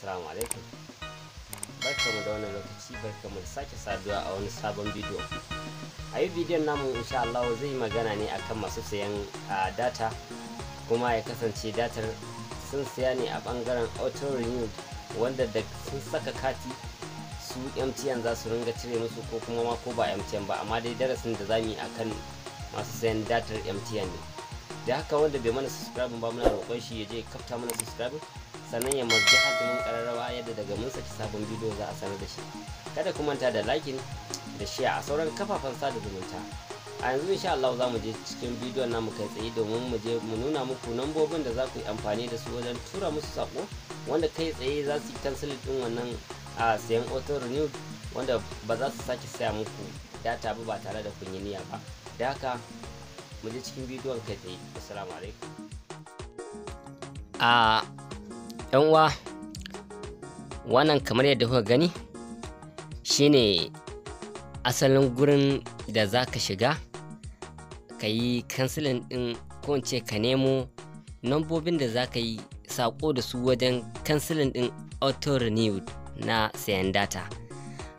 assalamu alaikum barkamu da wannan lokaci barkamu da sake saduwa a wani sabon bidiyo a yi bidiyon namu insha Allah zai magana ne akan masu sayan data kuma ya kasance datar sun saya ne a bangaren auto renewed wanda da sun saka kati su MTN za su ringa cire musu ko kuma ma ko ba MTN ba amma dai darasin da zamu yi akan masu sayan datar MTN ne da haka wanda bai mana subscribe ba muna roƙon shi ya je kafta mana subscribe sannan ya murji hajjimin kararrawa yadda daga mun saki sabon bidiyo za a sanar da shi kada ku manta da lakin da shi a sauran kafafen sada zumunta a yanzu insha Allah za mu je cikin bidiyon namu kai tsaye domin mu je mu nuna muku nambobin da za ku yi amfani da su wajen tura musu sako wanda kai tsaye za su yi cancel din wannan a sayan auto renew wanda ba za su sake saya muku data ba ba tare da kun yi niyya ba da haka mu je cikin bidiyon kai tsaye assalamu alaikum a 'yan uwa wannan kamar yadda kuka gani shine asalin gurin da za ka shiga ka yi kansilin ɗin ko ce ka nemo nambobin da za ka yi saƙo da su wajen kansilin ɗin auto renewed na sayan data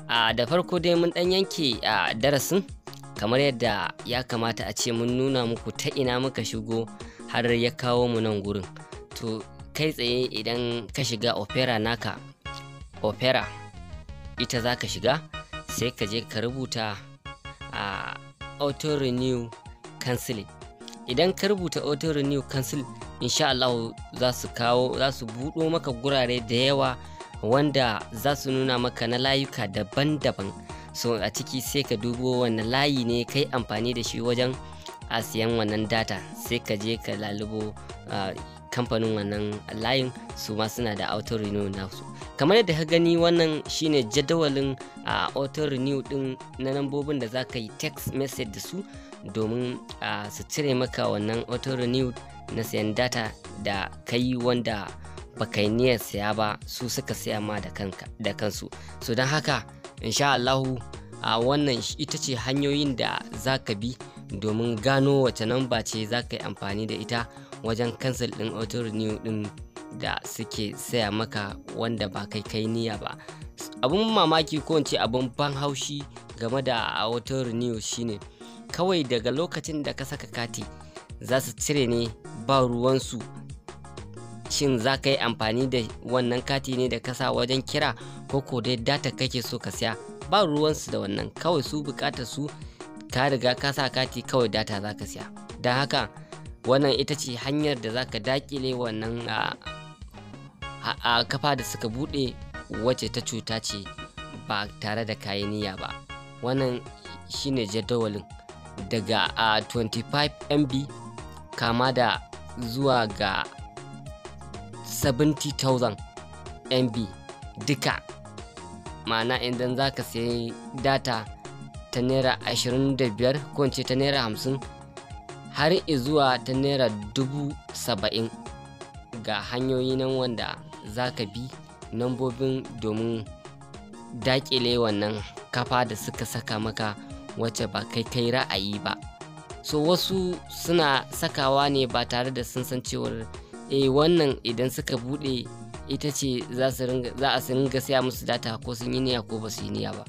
a da farko dai mun ɗan yanke a darasin kamar yadda ya kamata a ce mun nuna muku ta ina muka shigo har ya kawo mu nan gurin to kai tsaye idan ka shiga opera naka opera ita za ka shiga sai ka je ka rubuta a auto renew council idan ka rubuta auto renew council insha Allah za su kawo za su buɗo maka gurare da yawa wanda za su nuna maka na layuka daban-daban so a ciki sai ka dubo wannan layi ne kai amfani da shi wajen a siyan wannan data sai ka je ka lalubo ah, kamfanin wannan layin su ma suna da auto renew nasu kamar yadda ka gani wannan shine jadawalin a auto renew din na lambobin da zaka yi text message da su domin su cire maka wannan auto renew na sayan data da ka yi wanda baka yi niyyar saya ba su suka saya ma da kansu so don haka insha Allahu a wannan ita ce hanyoyin da zaka bi domin gano wace namba ce za ka yi amfani da ita wajen cancel din auto renew din da suke saya maka wanda ba kai kai niyya ba abun mamaki ko ce abun ban haushi game da auto renew shine kawai daga lokacin da ka saka kati za su cire ne ba ruwansu shin za ka yi amfani da wannan kati ne da kasa wajen kira ko ko dai data kake so ka siya ba ruwansu da wannan kawai su bukatar su ka riga ka sa kati kawai data za ka siya don haka wannan ita ce hanyar da za ka dakile wannan a kafa da suka buɗe wacce ta cuta ce ba tare da kayan ba wannan shine jadawalin daga a 25 mb kama da zuwa ga 70,000 mb duka ma'ana idan za ka sayi data ta naira 25 ko ta naira 50 har zuwa ta naira dubu saba'in ga hanyoyi nan wanda za ka bi nambobin domin dakile wannan kafa da suka saka maka wacce ba kai kai ra'ayi ba so wasu suna sakawa ne ba tare da sun san cewar e wannan idan suka bude ita ce za a su ringa saya musu data ko sun yi niyya ko ba su yi niyya ba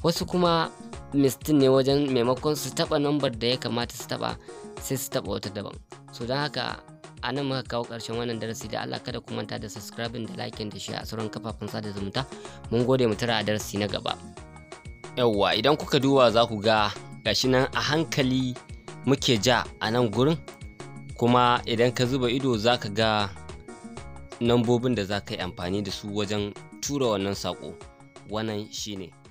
wasu kuma mistin ne wajen maimakon su taba nambar da ya kamata su taba sai su taɓa wata daban so don haka a nan muka kawo ƙarshen wannan darasi da Allah kada ku manta da subscribing da liking da share a sauran kafafen sada zumunta mun gode mu tara a darasi na gaba yawwa idan kuka duba za ku ga gashi nan a hankali muke ja a nan gurin kuma idan ka zuba ido za ka ga nambobin da za ka yi amfani da su wajen tura wannan saƙo wannan shine